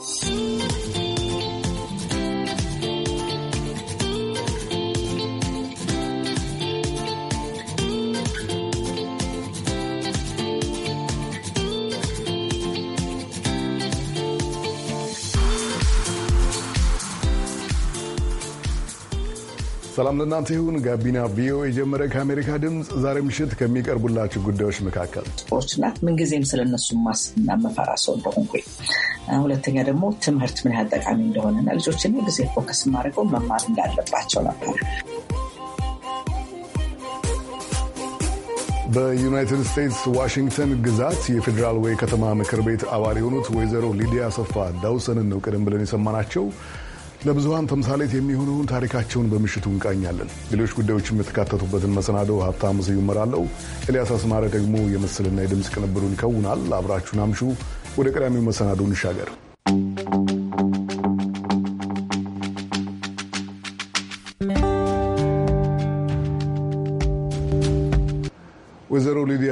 心。ሰላም ለእናንተ ይሁን። ጋቢና ቪኦኤ የጀመረ ከአሜሪካ ድምፅ ዛሬ ምሽት ከሚቀርቡላችሁ ጉዳዮች መካከል ስፖርት ናት። ምንጊዜም ስለነሱ ማስና መፈራ ሰው እንደሆንኩ፣ ሁለተኛ ደግሞ ትምህርት ምን ያህል ጠቃሚ እንደሆነና ልጆችን ጊዜ ፎከስ የማደርገው መማር እንዳለባቸው ነበር። በዩናይትድ ስቴትስ ዋሽንግተን ግዛት የፌዴራል ወይ ከተማ ምክር ቤት አባል የሆኑት ወይዘሮ ሊዲያ ሰፋ ዳውሰንን ነው ቀደም ብለን የሰማናቸው። ለብዙሀን ተምሳሌት የሚሆነውን ታሪካቸውን በምሽቱ እንቃኛለን። ሌሎች ጉዳዮችም የተካተቱበትን መሰናደው ሀብታሙ ስዩም እመራለሁ። ኤልያስ አስማረ ደግሞ የምስልና የድምፅ ቅንብሩን ይከውናል። አብራችሁን አምሹ። ወደ ቀዳሚው መሰናዶ እንሻገር።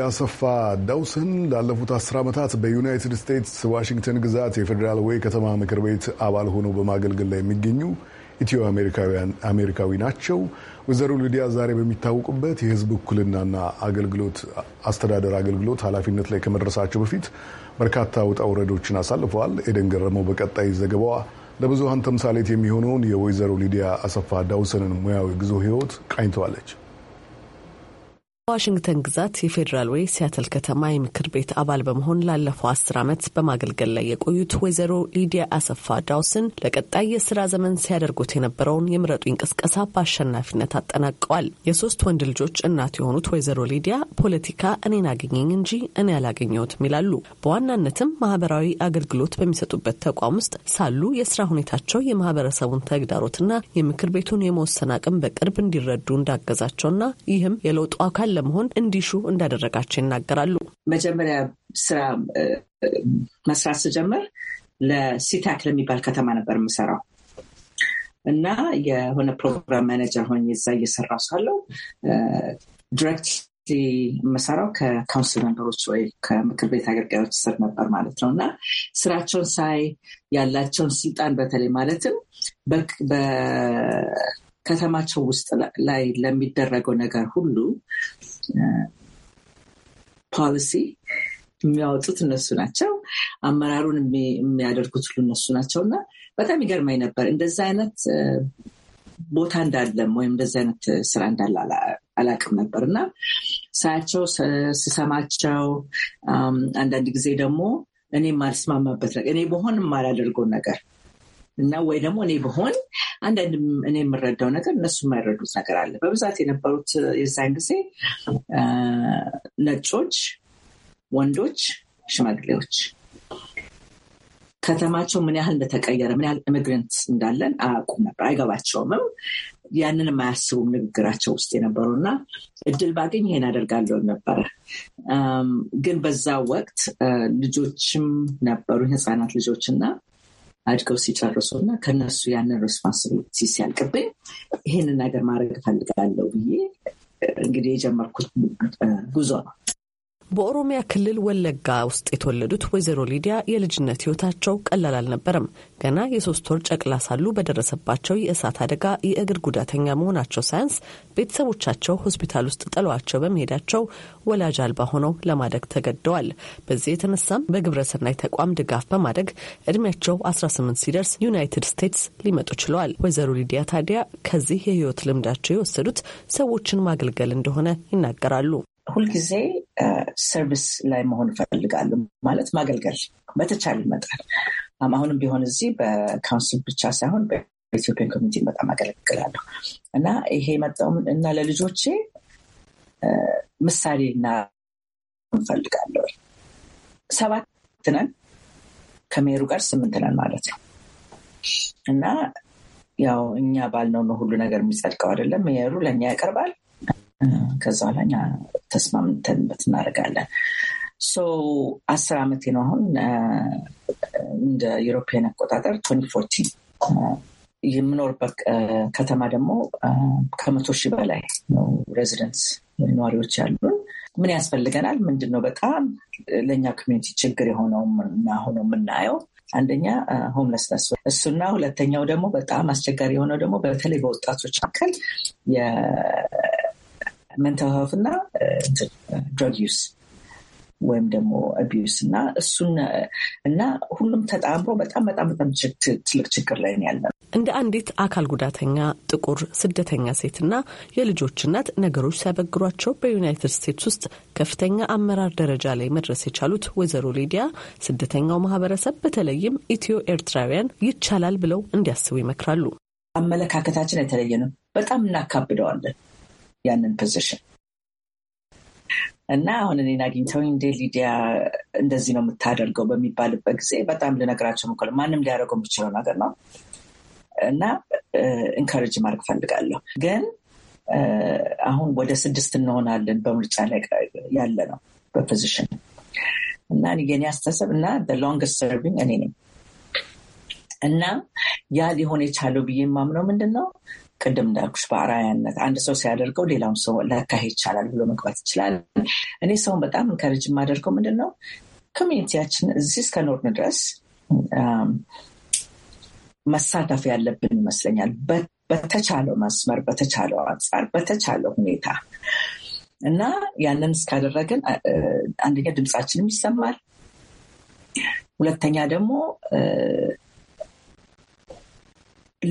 አሰፋ ዳውሰን ላለፉት አስር ዓመታት በዩናይትድ ስቴትስ ዋሽንግተን ግዛት የፌዴራል ዌይ ከተማ ምክር ቤት አባል ሆነው በማገልገል ላይ የሚገኙ ኢትዮ አሜሪካዊ ናቸው። ወይዘሮ ሊዲያ ዛሬ በሚታወቁበት የሕዝብ እኩልናና አገልግሎት አስተዳደር አገልግሎት ኃላፊነት ላይ ከመድረሳቸው በፊት በርካታ ውጣ ውረዶችን አሳልፈዋል። ኤደን ገረመው በቀጣይ ዘገባዋ ለብዙሀን ተምሳሌት የሚሆነውን የወይዘሮ ሊዲያ አሰፋ ዳውሰንን ሙያዊ ጉዞ ሕይወት ቃኝተዋለች። በዋሽንግተን ግዛት የፌዴራል ወይ ሲያትል ከተማ የምክር ቤት አባል በመሆን ላለፈው አስር ዓመት በማገልገል ላይ የቆዩት ወይዘሮ ሊዲያ አሰፋ ዳውስን ለቀጣይ የስራ ዘመን ሲያደርጉት የነበረውን የምረጡኝ እንቅስቀሳ በአሸናፊነት አጠናቀዋል። የሶስት ወንድ ልጆች እናት የሆኑት ወይዘሮ ሊዲያ ፖለቲካ እኔን አገኘኝ እንጂ እኔ አላገኘሁትም ይላሉ። በዋናነትም ማህበራዊ አገልግሎት በሚሰጡበት ተቋም ውስጥ ሳሉ የስራ ሁኔታቸው የማህበረሰቡን ተግዳሮትና የምክር ቤቱን የመወሰን አቅም በቅርብ እንዲረዱ እንዳገዛቸውና ይህም የለውጡ አካል ለመሆን እንዲሹ እንዳደረጋቸው ይናገራሉ። መጀመሪያ ስራ መስራት ስጀምር ለሲታክ ለሚባል ከተማ ነበር የምሰራው እና የሆነ ፕሮግራም ማኔጀር ሆኜ እዛ እየሰራሁ ሳለው ዲሬክት የምሰራው ከካውንስል መንበሮች ወይ ከምክር ቤት አገልጋዮች ስር ነበር ማለት ነው እና ስራቸውን ሳይ ያላቸውን ስልጣን በተለይ ማለትም ከተማቸው ውስጥ ላይ ለሚደረገው ነገር ሁሉ ፖሊሲ የሚያወጡት እነሱ ናቸው። አመራሩን የሚያደርጉት ሁሉ እነሱ ናቸው እና በጣም ይገርማኝ ነበር እንደዚ አይነት ቦታ እንዳለም ወይም እንደዚ አይነት ስራ እንዳለ አላቅም ነበር እና ሳያቸው፣ ስሰማቸው አንዳንድ ጊዜ ደግሞ እኔ የማልስማማበት ነገር እኔ በሆን ማላደርገው ነገር እና ወይ ደግሞ እኔ በሆን አንዳንድ እኔ የምረዳው ነገር እነሱ የማይረዱት ነገር አለ። በብዛት የነበሩት የዛን ጊዜ ነጮች፣ ወንዶች፣ ሽማግሌዎች ከተማቸው ምን ያህል እንደተቀየረ ምን ያህል ኢሚግረንት እንዳለን አያውቁም ነበር፣ አይገባቸውምም። ያንን የማያስቡም ንግግራቸው ውስጥ የነበሩ እና እድል ባገኝ ይሄን አደርጋለሁ ነበረ። ግን በዛ ወቅት ልጆችም ነበሩ ህፃናት ልጆች እና አድገው ሲጨርሱ እና ከነሱ ያንን ሬስፖንስቢሊቲ ሲያልቅብኝ ይህንን ነገር ማድረግ እፈልጋለሁ ብዬ እንግዲህ የጀመርኩት ጉዞ ነው። በኦሮሚያ ክልል ወለጋ ውስጥ የተወለዱት ወይዘሮ ሊዲያ የልጅነት ህይወታቸው ቀላል አልነበረም። ገና የሶስት ወር ጨቅላ ሳሉ በደረሰባቸው የእሳት አደጋ የእግር ጉዳተኛ መሆናቸው ሳያንስ ቤተሰቦቻቸው ሆስፒታል ውስጥ ጥለዋቸው በመሄዳቸው ወላጅ አልባ ሆነው ለማደግ ተገደዋል። በዚህ የተነሳም በግብረሰናይ ተቋም ድጋፍ በማደግ እድሜያቸው 18 ሲደርስ ዩናይትድ ስቴትስ ሊመጡ ችለዋል። ወይዘሮ ሊዲያ ታዲያ ከዚህ የህይወት ልምዳቸው የወሰዱት ሰዎችን ማገልገል እንደሆነ ይናገራሉ። ሁልጊዜ ሰርቪስ ላይ መሆን እፈልጋለሁ። ማለት ማገልገል በተቻለ ይመጣል። አሁንም ቢሆን እዚህ በካውንስል ብቻ ሳይሆን በኢትዮጵያን ኮሚኒቲ በጣም አገለግላለሁ እና ይሄ መጣው እና ለልጆቼ ምሳሌ እና እንፈልጋለሁ። ሰባት ነን ከሜሩ ጋር ስምንት ነን ማለት ነው እና ያው እኛ ባልነው ነው ሁሉ ነገር የሚጸድቀው አይደለም። ሜሩ ለእኛ ያቀርባል ከዛ በኋላ ተስማምተንበት እናደርጋለን። አስር ዓመቴ ነው አሁን እንደ ዩሮፒያን አቆጣጠር ቶኒ ፎርቲን የምኖርበት ከተማ ደግሞ ከመቶ ሺህ በላይ ነው ሬዚደንስ ነዋሪዎች ያሉን። ምን ያስፈልገናል? ምንድን ነው በጣም ለእኛ ኮሚኒቲ ችግር የሆነው እና ሆኖ የምናየው አንደኛ ሆምለስነስ እሱና፣ ሁለተኛው ደግሞ በጣም አስቸጋሪ የሆነው ደግሞ በተለይ በወጣቶች መካከል ሜንታል ሄልት እና ድረግ ዩስ ወይም ደግሞ አቢዩስ እና እሱን እና ሁሉም ተጣምሮ በጣም በጣም በጣም ትልቅ ችግር ላይ ያለ እንደ አንዲት አካል ጉዳተኛ ጥቁር ስደተኛ ሴትና የልጆች እናት ነገሮች ሲያበግሯቸው በዩናይትድ ስቴትስ ውስጥ ከፍተኛ አመራር ደረጃ ላይ መድረስ የቻሉት ወይዘሮ ሊዲያ ስደተኛው ማህበረሰብ በተለይም ኢትዮ ኤርትራውያን ይቻላል ብለው እንዲያስቡ ይመክራሉ። አመለካከታችን የተለየ ነው። በጣም እናካብደዋለን። ያንን ፖዚሽን እና አሁን እኔን አግኝተው እንዴ ሊዲያ እንደዚህ ነው የምታደርገው በሚባልበት ጊዜ በጣም ልነግራቸው ምኮል ማንም ሊያደርገው የሚችለው ነገር ነው እና ኢንካሬጅ ማድረግ ፈልጋለሁ። ግን አሁን ወደ ስድስት እንሆናለን በምርጫ ላይ ያለ ነው በፖዚሽን እና የኔ አስተሳሰብ እና ሎንግስት ሰርቪንግ እኔ ነኝ እና ያ ሊሆን የቻለው ብዬ የማምነው ምንድን ነው ቅድም እንዳልኩሽ በአራያነት አንድ ሰው ሲያደርገው ሌላውን ሰው ለካ ይቻላል ብሎ መግባት ይችላል። እኔ ሰውን በጣም እንከርጅ የማደርገው ምንድን ነው ኮሚኒቲያችን እዚህ እስከኖርን ድረስ መሳተፍ ያለብን ይመስለኛል። በተቻለው መስመር፣ በተቻለው አንጻር፣ በተቻለው ሁኔታ እና ያንን እስካደረግን አንደኛ ድምፃችንም ይሰማል፣ ሁለተኛ ደግሞ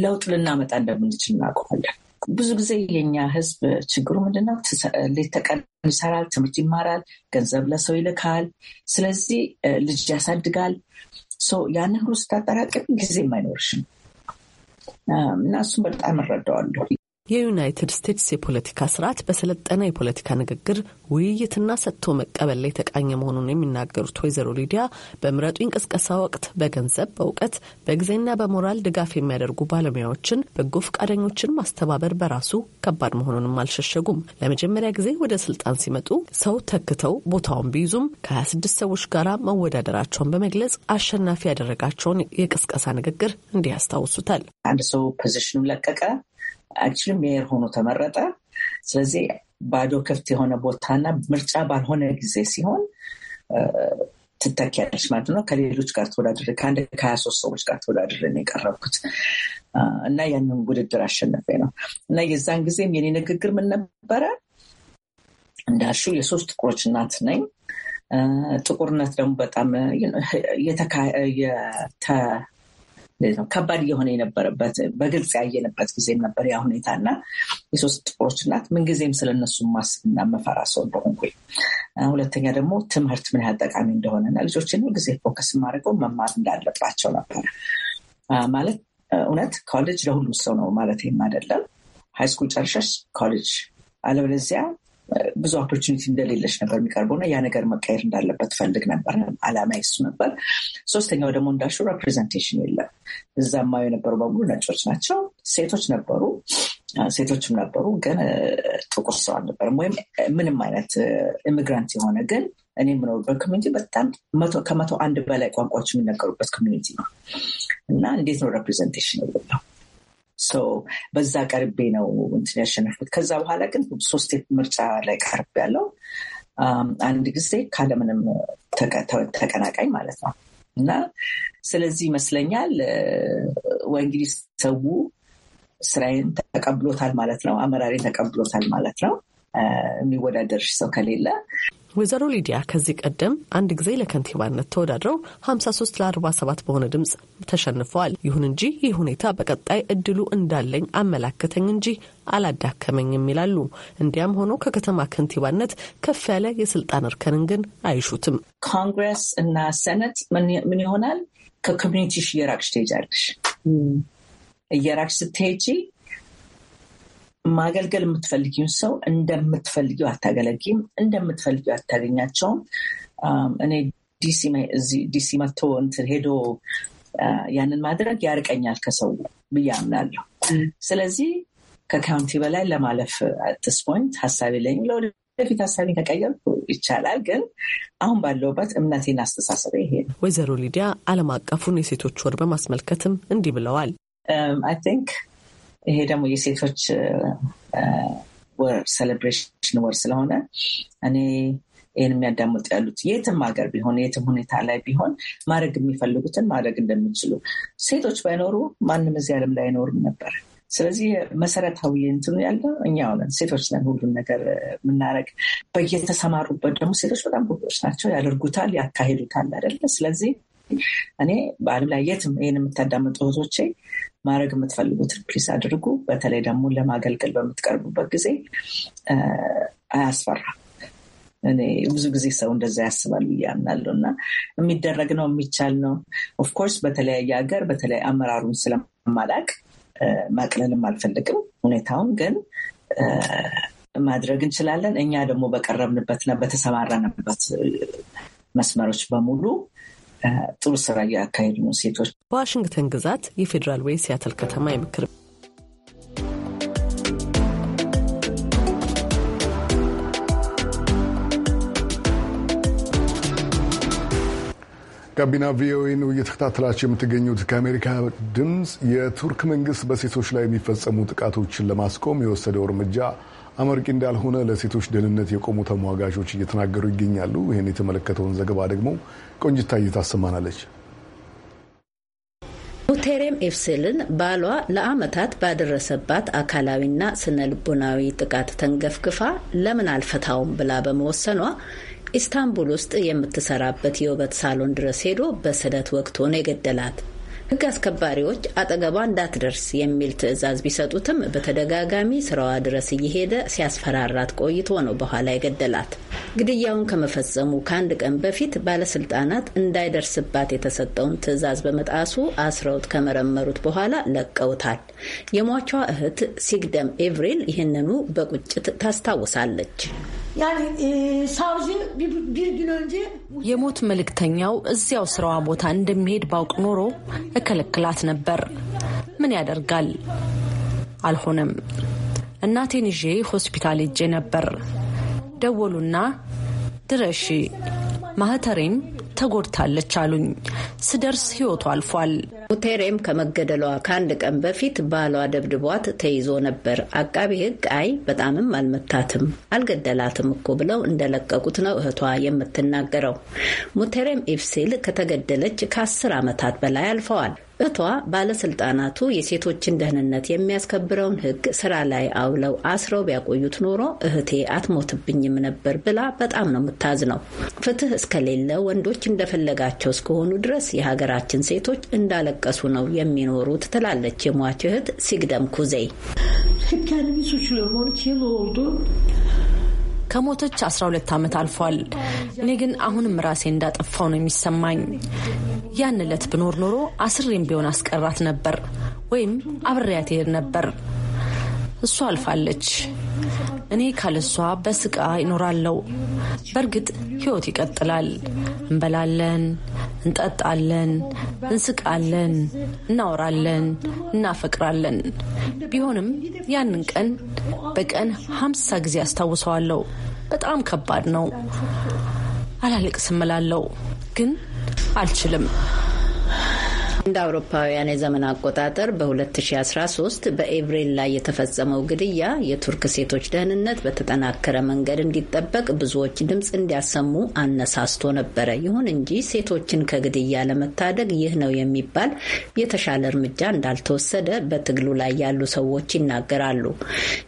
ለውጥ ልናመጣ እንደምንችል እናውቀዋለን። ብዙ ጊዜ የኛ ህዝብ ችግሩ ምንድነው? ሌት ተቀን ይሰራል፣ ትምህርት ይማራል፣ ገንዘብ ለሰው ይልካል፣ ስለዚህ ልጅ ያሳድጋል። ያንን ሁሉ ስታጠራቅም ጊዜ አይኖርሽም እና እሱም በጣም እረዳዋለሁ። የዩናይትድ ስቴትስ የፖለቲካ ስርዓት በሰለጠነ የፖለቲካ ንግግር፣ ውይይትና ሰጥቶ መቀበል ላይ የተቃኘ መሆኑን የሚናገሩት ወይዘሮ ሊዲያ በምረጡ እንቅስቀሳ ወቅት በገንዘብ በእውቀት፣ በጊዜና በሞራል ድጋፍ የሚያደርጉ ባለሙያዎችን፣ በጎ ፈቃደኞችን ማስተባበር በራሱ ከባድ መሆኑንም አልሸሸጉም። ለመጀመሪያ ጊዜ ወደ ስልጣን ሲመጡ ሰው ተክተው ቦታውን ቢይዙም ከ26 ሰዎች ጋር መወዳደራቸውን በመግለጽ አሸናፊ ያደረጋቸውን የቅስቀሳ ንግግር እንዲህ ያስታውሱታል። አንድ ሰው ፖዚሽኑ ለቀቀ አክቹዋሊ ሜየር ሆኖ ተመረጠ። ስለዚህ ባዶ ክፍት የሆነ ቦታና ምርጫ ባልሆነ ጊዜ ሲሆን ትተኪያለች ማለት ነው። ከሌሎች ጋር ተወዳድር ከአንድ ከሀያ ሶስት ሰዎች ጋር ተወዳድሬ የቀረብኩት እና ያንን ውድድር አሸነፌ ነው እና የዛን ጊዜም የኔ ንግግር ምን ነበረ? እንዳልሽው የሶስት ጥቁሮች እናት ነኝ። ጥቁርነት ደግሞ በጣም ከባድ እየሆነ የነበረበት በግልጽ ያየንበት ጊዜም ነበር ያ ሁኔታ እና የሶስት ጥቁሮች እናት ምንጊዜም ስለነሱ ማስብና መፈራ ሰው እንደሆንኩኝ፣ ሁለተኛ ደግሞ ትምህርት ምን ያህል ጠቃሚ እንደሆነና ልጆችን ጊዜ ፎከስ ማድረገው መማር እንዳለባቸው ነበር። ማለት እውነት ኮሌጅ ለሁሉም ሰው ነው ማለት አይደለም። ሃይስኩል ጨርሸሽ ኮሌጅ አለበለዚያ ብዙ ኦፖርቹኒቲ እንደሌለች ነበር የሚቀርበው እና ያ ነገር መቀየር እንዳለበት ፈልግ ነበር። አላማ ይሱ ነበር። ሶስተኛው ደግሞ እንዳሹ ሬፕሬዘንቴሽን የለም። እዛማ የነበሩ በሙሉ ነጮች ናቸው። ሴቶች ነበሩ፣ ሴቶችም ነበሩ፣ ግን ጥቁር ሰው አልነበርም ወይም ምንም አይነት ኢሚግራንት የሆነ ግን እኔ የምኖርበት ኮሚኒቲ በጣም ከመቶ አንድ በላይ ቋንቋዎች የሚነገሩበት ኮሚኒቲ ነው እና እንዴት ነው ሬፕሬዘንቴሽን የለው በዛ ቀርቤ ነው እንትን ያሸነፉት። ከዛ በኋላ ግን ሶስት ምርጫ ላይ ቀርብ ያለው አንድ ጊዜ ካለምንም ተቀናቃኝ ማለት ነው እና ስለዚህ ይመስለኛል ወእንግዲህ እንግዲህ ሰው ስራዬን ተቀብሎታል ማለት ነው። አመራሬን ተቀብሎታል ማለት ነው። የሚወዳደርሽ ሰው ከሌለ ወይዘሮ ሊዲያ ከዚህ ቀደም አንድ ጊዜ ለከንቲባነት ተወዳድረው 53 ለ47 በሆነ ድምፅ ተሸንፈዋል። ይሁን እንጂ ይህ ሁኔታ በቀጣይ እድሉ እንዳለኝ አመላከተኝ እንጂ አላዳከመኝም ይላሉ። እንዲያም ሆኖ ከከተማ ከንቲባነት ከፍ ያለ የስልጣን እርከንን ግን አይሹትም። ኮንግረስ እና ሰነት ምን ይሆናል? ከኮሚኒቲሽ እየራቅሽ ትሄጃለሽ። እየራቅሽ ስትሄጂ ማገልገል የምትፈልጊውን ሰው እንደምትፈልጊው አታገለጊም፣ እንደምትፈልጊው አታገኛቸውም። እኔ ዲሲ መጥቶ እንትን ሄዶ ያንን ማድረግ ያርቀኛል ከሰው ብዬ አምናለሁ። ስለዚህ ከካውንቲ በላይ ለማለፍ አትስ ፖይንት ሀሳብ ለኝ ለወደፊት ሀሳቤን ከቀየርኩ ይቻላል፣ ግን አሁን ባለውበት እምነቴን አስተሳሰበ ይሄ ነው። ወይዘሮ ሊዲያ ዓለም አቀፉን የሴቶች ወር በማስመልከትም እንዲህ ብለዋል። አይ um, ቲንክ ይሄ ደግሞ የሴቶች ወር ሴሌብሬሽን ወር ስለሆነ እኔ ይህን የሚያዳምጡ ያሉት የትም ሀገር ቢሆን የትም ሁኔታ ላይ ቢሆን ማድረግ የሚፈልጉትን ማድረግ እንደሚችሉ ሴቶች ባይኖሩ ማንም እዚህ ዓለም ላይ አይኖርም ነበር። ስለዚህ መሰረታዊ እንትኑ ያለው እኛ ሆነን ሴቶች ነን። ሁሉን ነገር የምናደርግ በየተሰማሩበት ደግሞ ሴቶች በጣም ጎበዞች ናቸው። ያደርጉታል፣ ያካሂዱታል አይደለ? ስለዚህ እኔ በዓለም ላይ የትም ይህን የምታዳምጡ እህቶቼ ማድረግ የምትፈልጉትን ፕሊስ አድርጉ። በተለይ ደግሞ ለማገልገል በምትቀርቡበት ጊዜ አያስፈራ። እኔ ብዙ ጊዜ ሰው እንደዛ ያስባል ብዬ አምናለሁ እና የሚደረግ ነው የሚቻል ነው። ኦፍኮርስ በተለያየ ሀገር በተለይ አመራሩን ስለማላቅ ማቅለልም አልፈልግም ሁኔታውን ግን ማድረግ እንችላለን። እኛ ደግሞ በቀረብንበትና በተሰማራንበት መስመሮች በሙሉ ጥሩ ስራ እያካሄዱ ነው ሴቶች። በዋሽንግተን ግዛት የፌዴራል ወይ ሲያትል ከተማ የምክር ጋቢና ቪኦኤ ነው የምትገኙት። ከአሜሪካ ድምፅ የቱርክ መንግስት በሴቶች ላይ የሚፈጸሙ ጥቃቶችን ለማስቆም የወሰደው እርምጃ አመርቂ እንዳልሆነ ለሴቶች ደህንነት የቆሙ ተሟጋቾች እየተናገሩ ይገኛሉ። ይህን የተመለከተውን ዘገባ ደግሞ ቆንጅታ እየታሰማናለች። ሙቴሬም ኤፍሴልን ባሏ ለአመታት ባደረሰባት አካላዊና ስነ ልቦናዊ ጥቃት ተንገፍግፋ ለምን አልፈታውም ብላ በመወሰኗ ኢስታንቡል ውስጥ የምትሰራበት የውበት ሳሎን ድረስ ሄዶ በስለት ወቅቶ ነው የገደላት። ህግ አስከባሪዎች አጠገቧ እንዳትደርስ የሚል ትዕዛዝ ቢሰጡትም በተደጋጋሚ ስራዋ ድረስ እየሄደ ሲያስፈራራት ቆይቶ ነው በኋላ የገደላት። ግድያውን ከመፈጸሙ ከአንድ ቀን በፊት ባለስልጣናት እንዳይደርስባት የተሰጠውን ትዕዛዝ በመጣሱ አስረውት ከመረመሩት በኋላ ለቀውታል። የሟቿ እህት ሲግደም ኤቭሪል ይህንኑ በቁጭት ታስታውሳለች። Yani e, bir, bir gün önce... የሞት መልእክተኛው እዚያው ስራዋ ቦታ እንደሚሄድ ባውቅ ኖሮ እከለክላት ነበር። ምን ያደርጋል አልሆነም። እናቴን ይዤ ሆስፒታል ሄጄ ነበር። ደወሉና ድረሺ ማህተሬም ተጎድታለች አሉኝ። ስደርስ ህይወቱ አልፏል። ሙቴሬም ከመገደሏ ከአንድ ቀን በፊት ባሏ ደብድቧት ተይዞ ነበር። አቃቢ ህግ አይ በጣምም አልመታትም አልገደላትም እኮ ብለው እንደለቀቁት ነው እህቷ የምትናገረው። ሙቴሬም ኢፍሲል ከተገደለች ከአስር ዓመታት በላይ አልፈዋል። እቷ ባለስልጣናቱ የሴቶችን ደህንነት የሚያስከብረውን ሕግ ስራ ላይ አውለው አስረው ቢያቆዩት ኖሮ እህቴ አትሞትብኝም ነበር ብላ በጣም ነው ነው። ፍትህ እስከሌለ ወንዶች እንደፈለጋቸው እስከሆኑ ድረስ የሀገራችን ሴቶች እንዳለቀሱ ነው የሚኖሩት ትላለች የሟች እህት ሲግደም ኩዜይ። ከሞተች 12 ዓመት አልፏል። እኔ ግን አሁንም ራሴ እንዳጠፋው ነው የሚሰማኝ። ያን ዕለት ብኖር ኖሮ አስሬም ቢሆን አስቀራት ነበር ወይም አብሬያት ሄድ ነበር። እሷ አልፋለች። እኔ ካለሷ በስቃ ይኖራለው። በእርግጥ ሕይወት ይቀጥላል። እንበላለን፣ እንጠጣለን፣ እንስቃለን፣ እናወራለን፣ እናፈቅራለን። ቢሆንም ያንን ቀን በቀን ሀምሳ ጊዜ አስታውሰዋለሁ። በጣም ከባድ ነው። አላለቅስም እላለሁ ግን አልችልም። እንደ አውሮፓውያን የዘመን አቆጣጠር በ2013 በኤብሪል ላይ የተፈጸመው ግድያ የቱርክ ሴቶች ደህንነት በተጠናከረ መንገድ እንዲጠበቅ ብዙዎች ድምፅ እንዲያሰሙ አነሳስቶ ነበረ። ይሁን እንጂ ሴቶችን ከግድያ ለመታደግ ይህ ነው የሚባል የተሻለ እርምጃ እንዳልተወሰደ በትግሉ ላይ ያሉ ሰዎች ይናገራሉ።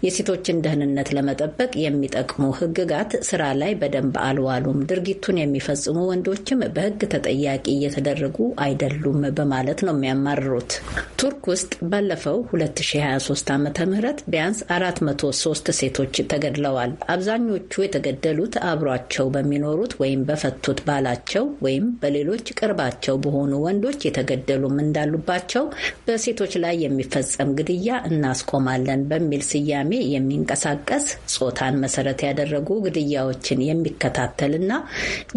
የሴቶችን ደህንነት ለመጠበቅ የሚጠቅሙ ህግጋት ስራ ላይ በደንብ አልዋሉም። ድርጊቱን የሚፈጽሙ ወንዶችም በህግ ተጠያቂ እየተደረጉ አይደሉም በማለት በማለት ነው የሚያማርሩት። ቱርክ ውስጥ ባለፈው 2023 ዓ ም ቢያንስ 403 ሴቶች ተገድለዋል። አብዛኞቹ የተገደሉት አብሯቸው በሚኖሩት ወይም በፈቱት ባላቸው ወይም በሌሎች ቅርባቸው በሆኑ ወንዶች የተገደሉም እንዳሉባቸው በሴቶች ላይ የሚፈጸም ግድያ እናስቆማለን በሚል ስያሜ የሚንቀሳቀስ ጾታን መሰረት ያደረጉ ግድያዎችን የሚከታተልና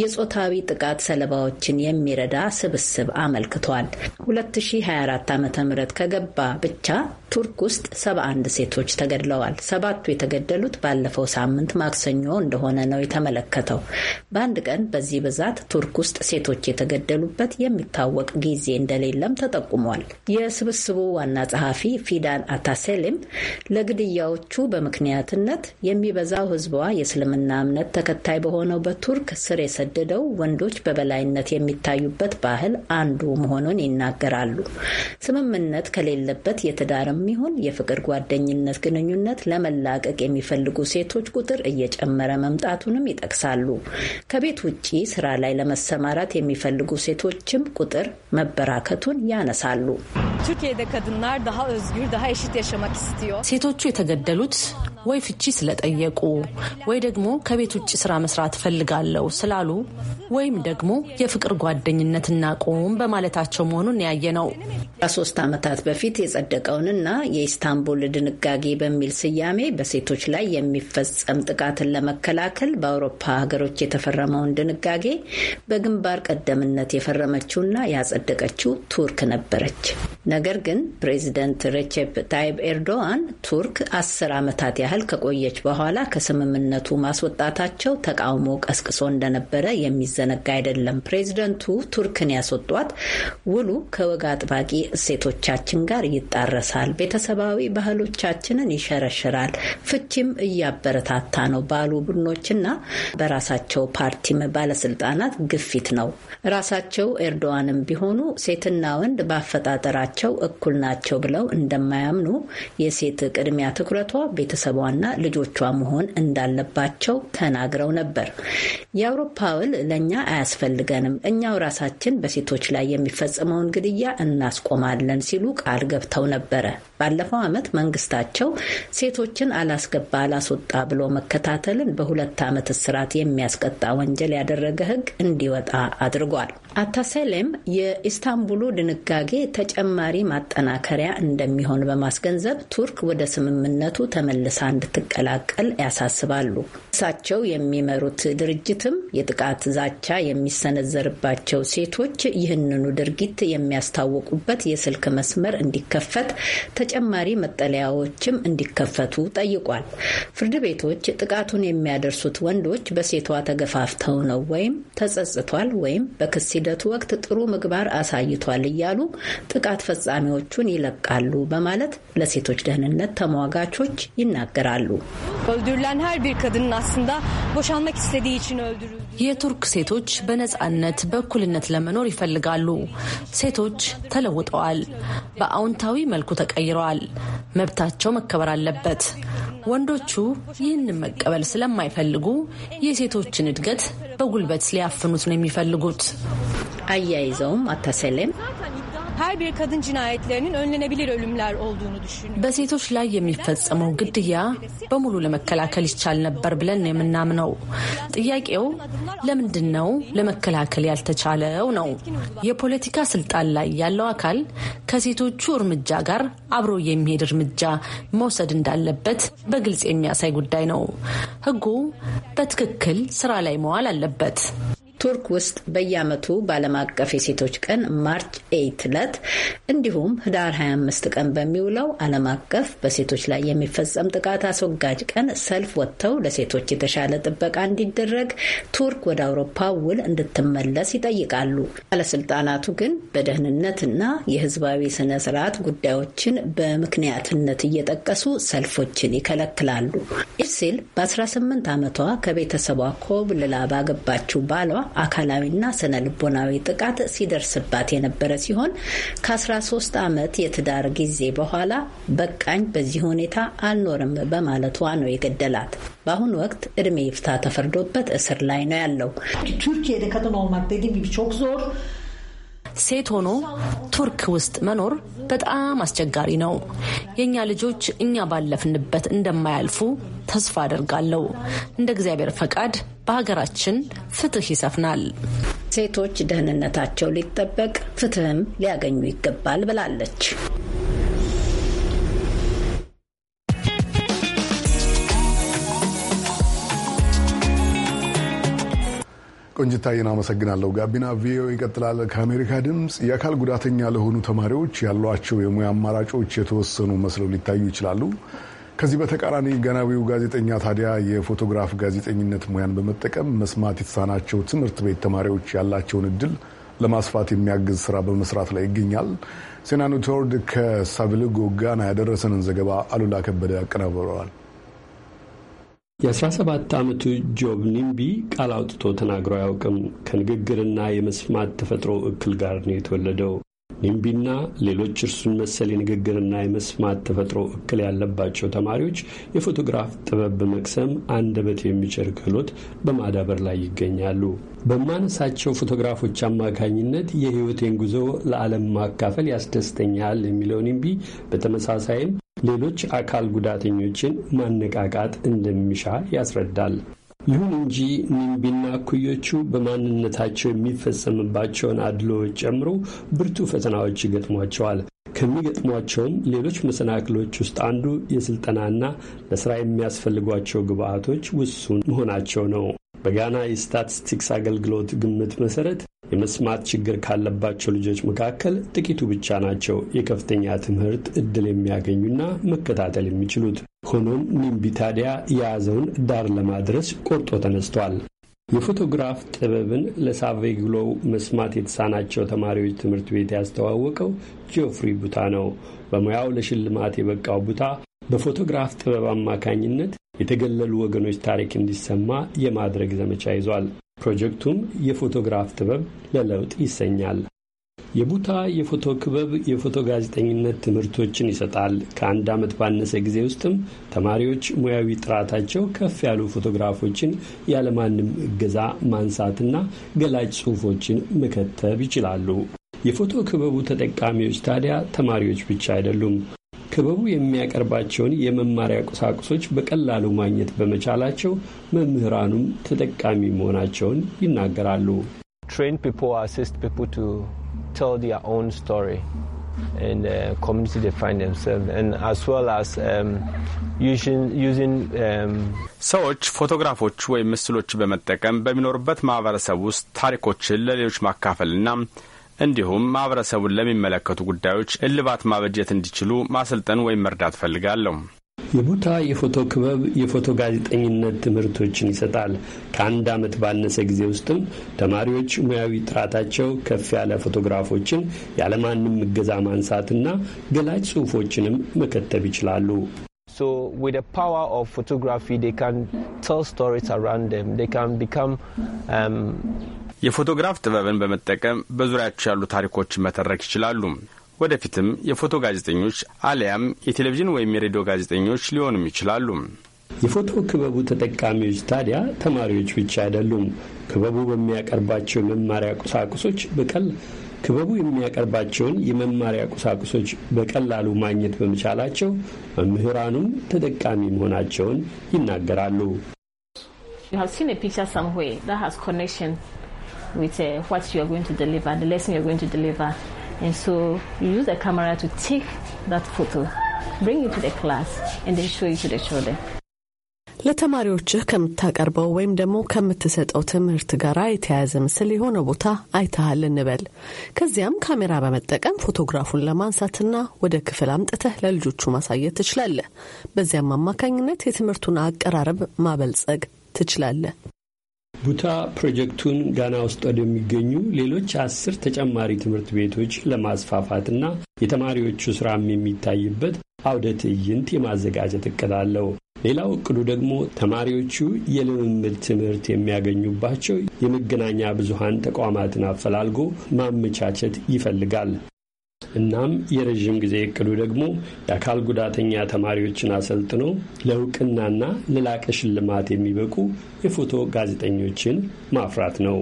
የጾታዊ ጥቃት ሰለባዎችን የሚረዳ ስብስብ አመልክቷል። 2024 ዓ ም ከገባ ብቻ ቱርክ ውስጥ 71 ሴቶች ተገድለዋል። ሰባቱ የተገደሉት ባለፈው ሳምንት ማክሰኞ እንደሆነ ነው የተመለከተው። በአንድ ቀን በዚህ ብዛት ቱርክ ውስጥ ሴቶች የተገደሉበት የሚታወቅ ጊዜ እንደሌለም ተጠቁሟል። የስብስቡ ዋና ጸሐፊ ፊዳን አታሴሊም ለግድያዎቹ በምክንያትነት የሚበዛው ህዝቧ የእስልምና እምነት ተከታይ በሆነው በቱርክ ስር የሰደደው ወንዶች በበላይነት የሚታዩበት ባህል አንዱ መሆኑን ይናገራሉ። ስምምነት ከሌለበት የትዳርም የሚሆን የፍቅር ጓደኝነት ግንኙነት ለመላቀቅ የሚፈልጉ ሴቶች ቁጥር እየጨመረ መምጣቱንም ይጠቅሳሉ። ከቤት ውጭ ስራ ላይ ለመሰማራት የሚፈልጉ ሴቶችም ቁጥር መበራከቱን ያነሳሉ። ሴቶቹ የተገደሉት ወይ ፍቺ ስለጠየቁ ወይ ደግሞ ከቤት ውጭ ስራ መስራት ፈልጋለሁ ስላሉ ወይም ደግሞ የፍቅር ጓደኝነት እናቁም በማለታቸው መሆኑን ያየ ነው። ከሶስት ዓመታት በፊት የጸደቀውንና የኢስታንቡል ድንጋጌ በሚል ስያሜ በሴቶች ላይ የሚፈጸም ጥቃትን ለመከላከል በአውሮፓ ሀገሮች የተፈረመውን ድንጋጌ በግንባር ቀደምነት የፈረመችውና ያጸደቀችው ቱርክ ነበረች። ነገር ግን ፕሬዚደንት ሬቼፕ ታይብ ኤርዶዋን ቱርክ አስር ዓመታት ያህል ያህል ከቆየች በኋላ ከስምምነቱ ማስወጣታቸው ተቃውሞ ቀስቅሶ እንደነበረ የሚዘነጋ አይደለም። ፕሬዚደንቱ ቱርክን ያስወጧት ውሉ ከወግ አጥባቂ እሴቶቻችን ጋር ይጣረሳል፣ ቤተሰባዊ ባህሎቻችንን ይሸረሽራል፣ ፍቺም እያበረታታ ነው ባሉ ቡድኖችና በራሳቸው ፓርቲም ባለስልጣናት ግፊት ነው። ራሳቸው ኤርዶዋንም ቢሆኑ ሴትና ወንድ በአፈጣጠራቸው እኩል ናቸው ብለው እንደማያምኑ የሴት ቅድሚያ ትኩረቷ ቤተሰቧ ዋና ልጆቿ መሆን እንዳለባቸው ተናግረው ነበር። የአውሮፓ ውል ለእኛ አያስፈልገንም፣ እኛው ራሳችን በሴቶች ላይ የሚፈጸመውን ግድያ እናስቆማለን ሲሉ ቃል ገብተው ነበረ። ባለፈው ዓመት መንግስታቸው ሴቶችን አላስገባ አላስወጣ ብሎ መከታተልን በሁለት ዓመት እስራት የሚያስቀጣ ወንጀል ያደረገ ሕግ እንዲወጣ አድርጓል። አታሰሌም የኢስታንቡሉ ድንጋጌ ተጨማሪ ማጠናከሪያ እንደሚሆን በማስገንዘብ ቱርክ ወደ ስምምነቱ ተመልሳ እንድትቀላቀል ያሳስባሉ። እሳቸው የሚመሩት ድርጅትም የጥቃት ዛቻ የሚሰነዘርባቸው ሴቶች ይህንኑ ድርጊት የሚያስታውቁበት የስልክ መስመር እንዲከፈት፣ ተጨማሪ መጠለያዎችም እንዲከፈቱ ጠይቋል። ፍርድ ቤቶች ጥቃቱን የሚያደርሱት ወንዶች በሴቷ ተገፋፍተው ነው ወይም ተጸጽቷል ወይም በክስ ሂደቱ ወቅት ጥሩ ምግባር አሳይቷል እያሉ ጥቃት ፈጻሚዎቹን ይለቃሉ በማለት ለሴቶች ደህንነት ተሟጋቾች ይናገራል። ይናገራሉ። የቱርክ ሴቶች በነጻነት በእኩልነት ለመኖር ይፈልጋሉ። ሴቶች ተለውጠዋል፣ በአዎንታዊ መልኩ ተቀይረዋል። መብታቸው መከበር አለበት። ወንዶቹ ይህንን መቀበል ስለማይፈልጉ የሴቶችን እድገት በጉልበት ሊያፍኑት ነው የሚፈልጉት። አያይዘውም አታሰሌም her bir kadın cinayetlerinin önlenebilir ölümler olduğunu düşünüyorum. በሴቶች ላይ የሚፈጸመው ግድያ በሙሉ ለመከላከል ይቻል ነበር ብለን የምናምነው። ጥያቄው ለምንድን ነው ለመከላከል ያልተቻለው ነው። የፖለቲካ ስልጣን ላይ ያለው አካል ከሴቶቹ እርምጃ ጋር አብሮ የሚሄድ እርምጃ መውሰድ እንዳለበት በግልጽ የሚያሳይ ጉዳይ ነው። ሕጉ በትክክል ስራ ላይ መዋል አለበት። ቱርክ ውስጥ በየዓመቱ በዓለም አቀፍ የሴቶች ቀን ማርች ኤይት ዕለት እንዲሁም ህዳር 25 ቀን በሚውለው ዓለም አቀፍ በሴቶች ላይ የሚፈጸም ጥቃት አስወጋጅ ቀን ሰልፍ ወጥተው ለሴቶች የተሻለ ጥበቃ እንዲደረግ ቱርክ ወደ አውሮፓ ውል እንድትመለስ ይጠይቃሉ። ባለስልጣናቱ ግን በደህንነትና የህዝባዊ ስነ ስርዓት ጉዳዮችን በምክንያትነት እየጠቀሱ ሰልፎችን ይከለክላሉ። ኢርሲል በ18 ዓመቷ ከቤተሰቧ ኮብልላ ባገባችው ባሏ አካላዊና ስነ ልቦናዊ ጥቃት ሲደርስባት የነበረ ሲሆን ከ13 ዓመት የትዳር ጊዜ በኋላ በቃኝ፣ በዚህ ሁኔታ አልኖርም በማለቷ ነው የገደላት። በአሁኑ ወቅት እድሜ ይፍታ ተፈርዶበት እስር ላይ ነው ያለው። ሴት ሆኖ ቱርክ ውስጥ መኖር በጣም አስቸጋሪ ነው። የእኛ ልጆች እኛ ባለፍንበት እንደማያልፉ ተስፋ አደርጋለሁ። እንደ እግዚአብሔር ፈቃድ በሀገራችን ፍትህ ይሰፍናል። ሴቶች ደህንነታቸው ሊጠበቅ ፍትህም ሊያገኙ ይገባል ብላለች። ቆንጅታዬን አመሰግናለሁ። ጋቢና ቪኦኤ ይቀጥላል። ከአሜሪካ ድምፅ የአካል ጉዳተኛ ለሆኑ ተማሪዎች ያሏቸው የሙያ አማራጮች የተወሰኑ መስለው ሊታዩ ይችላሉ። ከዚህ በተቃራኒ ገናዊው ጋዜጠኛ ታዲያ የፎቶግራፍ ጋዜጠኝነት ሙያን በመጠቀም መስማት የተሳናቸው ትምህርት ቤት ተማሪዎች ያላቸውን እድል ለማስፋት የሚያግዝ ስራ በመስራት ላይ ይገኛል። ሴናኑ ቶርድ ከሳቪልጎ ጋና ያደረሰንን ዘገባ አሉላ ከበደ አቀናብረዋል። የ17 ዓመቱ ጆብ ኒምቢ ቃል አውጥቶ ተናግሮ አያውቅም። ከንግግርና የመስማት ተፈጥሮ እክል ጋር ነው የተወለደው። ኒምቢና ሌሎች እርሱን መሰል የንግግርና የመስማት ተፈጥሮ እክል ያለባቸው ተማሪዎች የፎቶግራፍ ጥበብ በመቅሰም አንደበት የሚጭር ክህሎት በማዳበር ላይ ይገኛሉ። በማነሳቸው ፎቶግራፎች አማካኝነት የሕይወቴን ጉዞ ለዓለም ማካፈል ያስደስተኛል የሚለው ኒምቢ በተመሳሳይም ሌሎች አካል ጉዳተኞችን ማነቃቃት እንደሚሻ ያስረዳል። ይሁን እንጂ ኒምቢና እኩዮቹ በማንነታቸው የሚፈጸምባቸውን አድሎዎች ጨምሮ ብርቱ ፈተናዎች ይገጥሟቸዋል። ከሚገጥሟቸውም ሌሎች መሰናክሎች ውስጥ አንዱ የሥልጠናና ለሥራ የሚያስፈልጓቸው ግብአቶች ውሱን መሆናቸው ነው። በጋና የስታቲስቲክስ አገልግሎት ግምት መሠረት የመስማት ችግር ካለባቸው ልጆች መካከል ጥቂቱ ብቻ ናቸው የከፍተኛ ትምህርት እድል የሚያገኙና መከታተል የሚችሉት። ሆኖም ኒምቢ ታዲያ የያዘውን ዳር ለማድረስ ቆርጦ ተነስቷል። የፎቶግራፍ ጥበብን ለሳቬግሎው መስማት የተሳናቸው ተማሪዎች ትምህርት ቤት ያስተዋወቀው ጆፍሪ ቡታ ነው። በሙያው ለሽልማት የበቃው ቡታ በፎቶግራፍ ጥበብ አማካኝነት የተገለሉ ወገኖች ታሪክ እንዲሰማ የማድረግ ዘመቻ ይዟል። ፕሮጀክቱም የፎቶግራፍ ጥበብ ለለውጥ ይሰኛል። የቡታ የፎቶ ክበብ የፎቶ ጋዜጠኝነት ትምህርቶችን ይሰጣል። ከአንድ ዓመት ባነሰ ጊዜ ውስጥም ተማሪዎች ሙያዊ ጥራታቸው ከፍ ያሉ ፎቶግራፎችን ያለማንም እገዛ ማንሳትና ገላጭ ጽሑፎችን መከተብ ይችላሉ። የፎቶ ክበቡ ተጠቃሚዎች ታዲያ ተማሪዎች ብቻ አይደሉም። ክበቡ የሚያቀርባቸውን የመማሪያ ቁሳቁሶች በቀላሉ ማግኘት በመቻላቸው መምህራኑም ተጠቃሚ መሆናቸውን ይናገራሉ። um, um, ሰዎች ፎቶግራፎች ወይም ምስሎች በመጠቀም በሚኖሩበት ማህበረሰብ ውስጥ ታሪኮችን ለሌሎች ማካፈልና እንዲሁም ማህበረሰቡን ለሚመለከቱ ጉዳዮች እልባት ማበጀት እንዲችሉ ማሰልጠን ወይም መርዳት ፈልጋለሁ። የቦታ የፎቶ ክበብ የፎቶ ጋዜጠኝነት ትምህርቶችን ይሰጣል። ከአንድ ዓመት ባነሰ ጊዜ ውስጥም ተማሪዎች ሙያዊ ጥራታቸው ከፍ ያለ ፎቶግራፎችን ያለማንም እገዛ ማንሳትና ገላጭ ጽሁፎችንም መከተብ ይችላሉ። So with the power of photography, they can tell stories around them. They can become um, የፎቶግራፍ ጥበብን በመጠቀም በዙሪያቸው ያሉ ታሪኮችን መተረክ ይችላሉ። ወደፊትም የፎቶ ጋዜጠኞች አሊያም የቴሌቪዥን ወይም የሬዲዮ ጋዜጠኞች ሊሆኑም ይችላሉ። የፎቶ ክበቡ ተጠቃሚዎች ታዲያ ተማሪዎች ብቻ አይደሉም። ክበቡ በሚያቀርባቸው የመማሪያ ቁሳቁሶች በቀል ክበቡ የሚያቀርባቸውን የመማሪያ ቁሳቁሶች በቀላሉ ማግኘት በመቻላቸው መምህራኑም ተጠቃሚ መሆናቸውን ይናገራሉ። with uh, what you are going to deliver, the lesson you are going to deliver. And so you use the camera to take that photo, bring it to the class, and then show it to the children. ለተማሪዎችህ ከምታቀርበው ወይም ደግሞ ከምትሰጠው ትምህርት ጋር የተያያዘ ምስል የሆነ ቦታ አይተሃል እንበል። ከዚያም ካሜራ በመጠቀም ፎቶግራፉን ለማንሳትና ወደ ክፍል አምጥተህ ለልጆቹ ማሳየት ትችላለህ። በዚያም አማካኝነት የትምህርቱን አቀራረብ ማበልጸግ ትችላለህ። ቡታ ፕሮጀክቱን ጋና ውስጥ ወደሚገኙ ሌሎች አስር ተጨማሪ ትምህርት ቤቶች ለማስፋፋትና የተማሪዎቹ ስራም የሚታይበት አውደ ትዕይንት የማዘጋጀት እቅድ አለው። ሌላው እቅዱ ደግሞ ተማሪዎቹ የልምምድ ትምህርት የሚያገኙባቸው የመገናኛ ብዙሃን ተቋማትን አፈላልጎ ማመቻቸት ይፈልጋል። እናም የረዥም ጊዜ እቅዱ ደግሞ የአካል ጉዳተኛ ተማሪዎችን አሰልጥኖ ለእውቅናና ለላቀ ሽልማት የሚበቁ የፎቶ ጋዜጠኞችን ማፍራት ነው።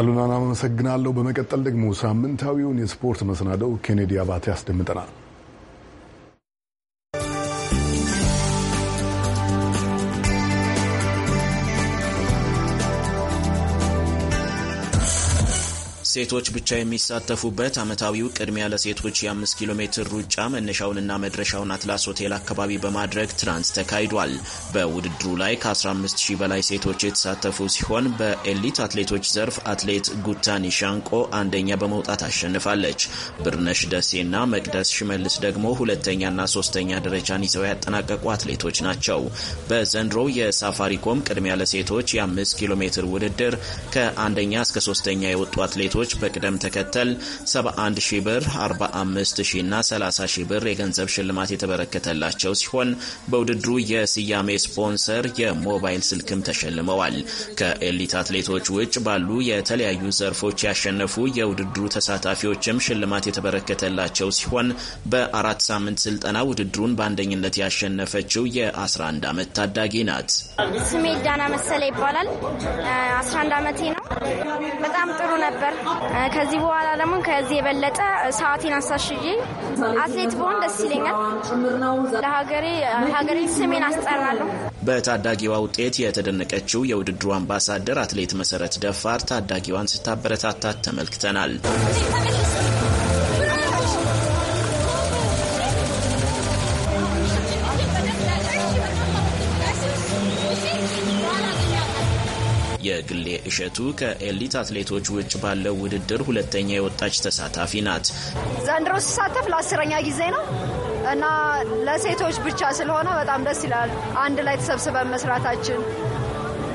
አሉናን አመሰግናለሁ። በመቀጠል ደግሞ ሳምንታዊውን የስፖርት መሰናደው ኬኔዲ አባቴ ያስደምጠናል። ሴቶች ብቻ የሚሳተፉበት ዓመታዊው ቅድሚያ ለሴቶች የአምስት ኪሎ ሜትር ሩጫ መነሻውንና መድረሻውን አትላስ ሆቴል አካባቢ በማድረግ ትናንት ተካሂዷል። በውድድሩ ላይ ከ15 ሺህ በላይ ሴቶች የተሳተፉ ሲሆን በኤሊት አትሌቶች ዘርፍ አትሌት ጉታኒ ሻንቆ አንደኛ በመውጣት አሸንፋለች። ብርነሽ ደሴና መቅደስ ሽመልስ ደግሞ ሁለተኛና ሶስተኛ ደረጃን ይዘው ያጠናቀቁ አትሌቶች ናቸው። በዘንድሮው የሳፋሪኮም ቅድሚያ ለሴቶች የ5 ኪሎ ሜትር ውድድር ከአንደኛ እስከ ሶስተኛ የወጡ አትሌቶች ሰዎች በቅደም ተከተል 71 ሺ ብር፣ 45 ሺ እና 30 ሺህ ብር የገንዘብ ሽልማት የተበረከተላቸው ሲሆን በውድድሩ የስያሜ ስፖንሰር የሞባይል ስልክም ተሸልመዋል። ከኤሊት አትሌቶች ውጭ ባሉ የተለያዩ ዘርፎች ያሸነፉ የውድድሩ ተሳታፊዎችም ሽልማት የተበረከተላቸው ሲሆን በአራት ሳምንት ስልጠና ውድድሩን በአንደኝነት ያሸነፈችው የ11 ዓመት ታዳጊ ናት። ስሜ ዳና መሰለ ይባላል። 11 ዓመቴ ነው። በጣም ጥሩ ነበር። ከዚህ በኋላ ደግሞ ከዚህ የበለጠ ሰዓቴን አሳሽዬ አትሌት በሆን ደስ ይለኛል። ለሀገሬ ሀገሬ ስሜን አስጠራለሁ። በታዳጊዋ ውጤት የተደነቀችው የውድድሩ አምባሳደር አትሌት መሰረት ደፋር ታዳጊዋን ስታበረታታት ተመልክተናል። የግሌ እሸቱ ከኤሊት አትሌቶች ውጭ ባለው ውድድር ሁለተኛ የወጣች ተሳታፊ ናት። ዘንድሮ ሲሳተፍ ለአስረኛ ጊዜ ነው እና ለሴቶች ብቻ ስለሆነ በጣም ደስ ይላል። አንድ ላይ ተሰብስበን መስራታችን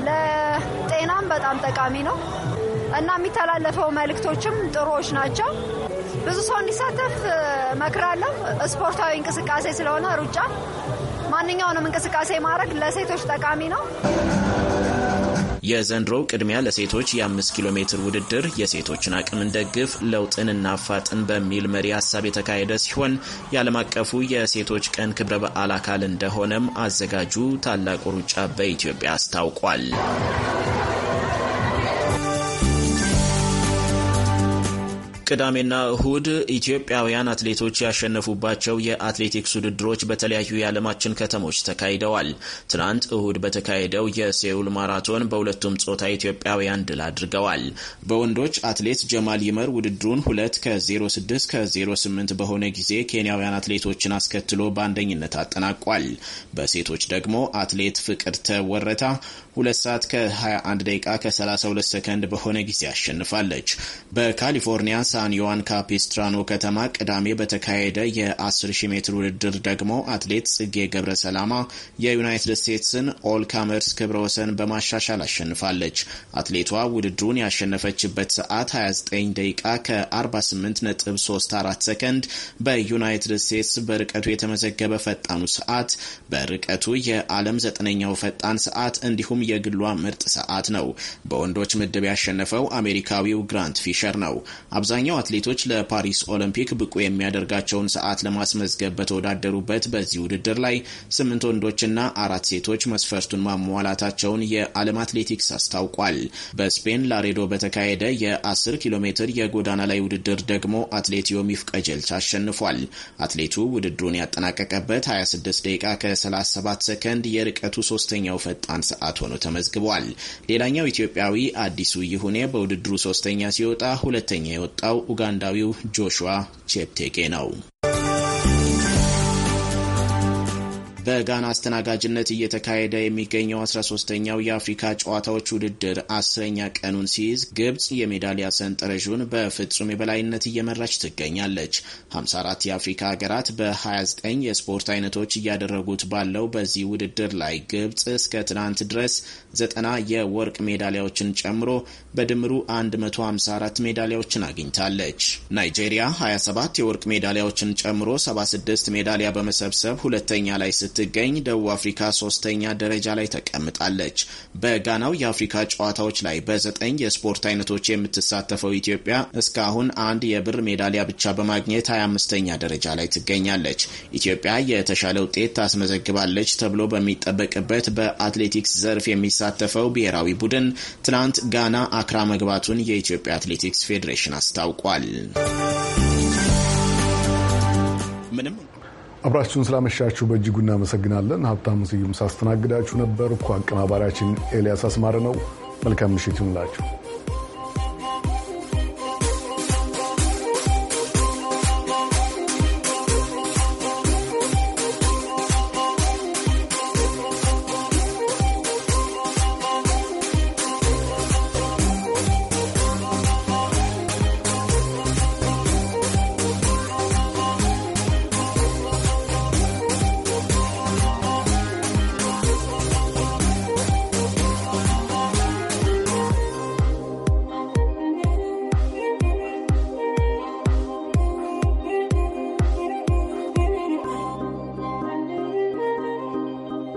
ለጤናም በጣም ጠቃሚ ነው እና የሚተላለፈው መልእክቶችም ጥሩዎች ናቸው። ብዙ ሰው እንዲሳተፍ መክራለሁ ስፖርታዊ እንቅስቃሴ ስለሆነ ሩጫ፣ ማንኛውንም እንቅስቃሴ ማድረግ ለሴቶች ጠቃሚ ነው። የዘንድሮው ቅድሚያ ለሴቶች የ5 ኪሎ ሜትር ውድድር የሴቶችን አቅም እንደግፍ ለውጥን እናፋጥን በሚል መሪ ሀሳብ የተካሄደ ሲሆን የዓለም አቀፉ የሴቶች ቀን ክብረ በዓል አካል እንደሆነም አዘጋጁ ታላቁ ሩጫ በኢትዮጵያ አስታውቋል። ቅዳሜና እሁድ ኢትዮጵያውያን አትሌቶች ያሸነፉባቸው የአትሌቲክስ ውድድሮች በተለያዩ የዓለማችን ከተሞች ተካሂደዋል። ትናንት እሁድ በተካሄደው የሴውል ማራቶን በሁለቱም ጾታ ኢትዮጵያውያን ድል አድርገዋል። በወንዶች አትሌት ጀማል ይመር ውድድሩን ሁለት ከ06 ከ08 በሆነ ጊዜ ኬንያውያን አትሌቶችን አስከትሎ በአንደኝነት አጠናቋል። በሴቶች ደግሞ አትሌት ፍቅርተ ወረታ ሁለት ሰዓት ከ21 ደቂቃ ከ32 ሰከንድ በሆነ ጊዜ አሸንፋለች። በካሊፎርኒያ ሳን ዮዋን ካፒስትራኖ ከተማ ቅዳሜ በተካሄደ የ10,000 ሜትር ውድድር ደግሞ አትሌት ጽጌ ገብረ ሰላማ የዩናይትድ ስቴትስን ኦል ካመርስ ክብረ ወሰን በማሻሻል አሸንፋለች። አትሌቷ ውድድሩን ያሸነፈችበት ሰዓት 29 ደቂቃ ከ48.34 ሰከንድ በዩናይትድ ስቴትስ በርቀቱ የተመዘገበ ፈጣኑ ሰዓት በርቀቱ የዓለም ዘጠነኛው ፈጣን ሰዓት እንዲሁም የግሏ ምርጥ ሰዓት ነው። በወንዶች ምድብ ያሸነፈው አሜሪካዊው ግራንት ፊሸር ነው። አብዛኛው አትሌቶች ለፓሪስ ኦሎምፒክ ብቁ የሚያደርጋቸውን ሰዓት ለማስመዝገብ በተወዳደሩበት በዚህ ውድድር ላይ ስምንት ወንዶችና አራት ሴቶች መስፈርቱን ማሟላታቸውን የዓለም አትሌቲክስ አስታውቋል። በስፔን ላሬዶ በተካሄደ የ10 ኪሎ ሜትር የጎዳና ላይ ውድድር ደግሞ አትሌት ዮሚፍ ቀጀልቻ አሸንፏል። አትሌቱ ውድድሩን ያጠናቀቀበት 26 ደቂቃ ከ37 ሰከንድ የርቀቱ ሶስተኛው ፈጣን ሰዓት ሆኖ ተመዝግቧል። ሌላኛው ኢትዮጵያዊ አዲሱ ይሁኔ በውድድሩ ሶስተኛ ሲወጣ ሁለተኛ የወጣው ኡጋንዳዊው ጆሹዋ ቼፕቴጌ ነው። በጋና አስተናጋጅነት እየተካሄደ የሚገኘው 13 ተኛው የአፍሪካ ጨዋታዎች ውድድር አስረኛ ቀኑን ሲይዝ ግብጽ የሜዳሊያ ሰንጠረዡን በፍጹም የበላይነት እየመራች ትገኛለች። 54 የአፍሪካ ሀገራት በ29 የስፖርት አይነቶች እያደረጉት ባለው በዚህ ውድድር ላይ ግብጽ እስከ ትናንት ድረስ 90 የወርቅ ሜዳሊያዎችን ጨምሮ በድምሩ 154 ሜዳሊያዎችን አግኝታለች። ናይጄሪያ 27 የወርቅ ሜዳሊያዎችን ጨምሮ 76 ሜዳሊያ በመሰብሰብ ሁለተኛ ላይ ስት ስትገኝ ደቡብ አፍሪካ ሶስተኛ ደረጃ ላይ ተቀምጣለች። በጋናው የአፍሪካ ጨዋታዎች ላይ በዘጠኝ የስፖርት አይነቶች የምትሳተፈው ኢትዮጵያ እስካሁን አንድ የብር ሜዳሊያ ብቻ በማግኘት 25ኛ ደረጃ ላይ ትገኛለች። ኢትዮጵያ የተሻለ ውጤት ታስመዘግባለች ተብሎ በሚጠበቅበት በአትሌቲክስ ዘርፍ የሚሳተፈው ብሔራዊ ቡድን ትናንት ጋና አክራ መግባቱን የኢትዮጵያ አትሌቲክስ ፌዴሬሽን አስታውቋል። ምንም አብራችሁን ስላመሻችሁ በእጅጉ እናመሰግናለን። ሀብታሙ ስዩም ሳስተናግዳችሁ ነበር እኮ አቀናባሪያችን ኤልያስ አስማረ ነው። መልካም ምሽት ይሁንላችሁ።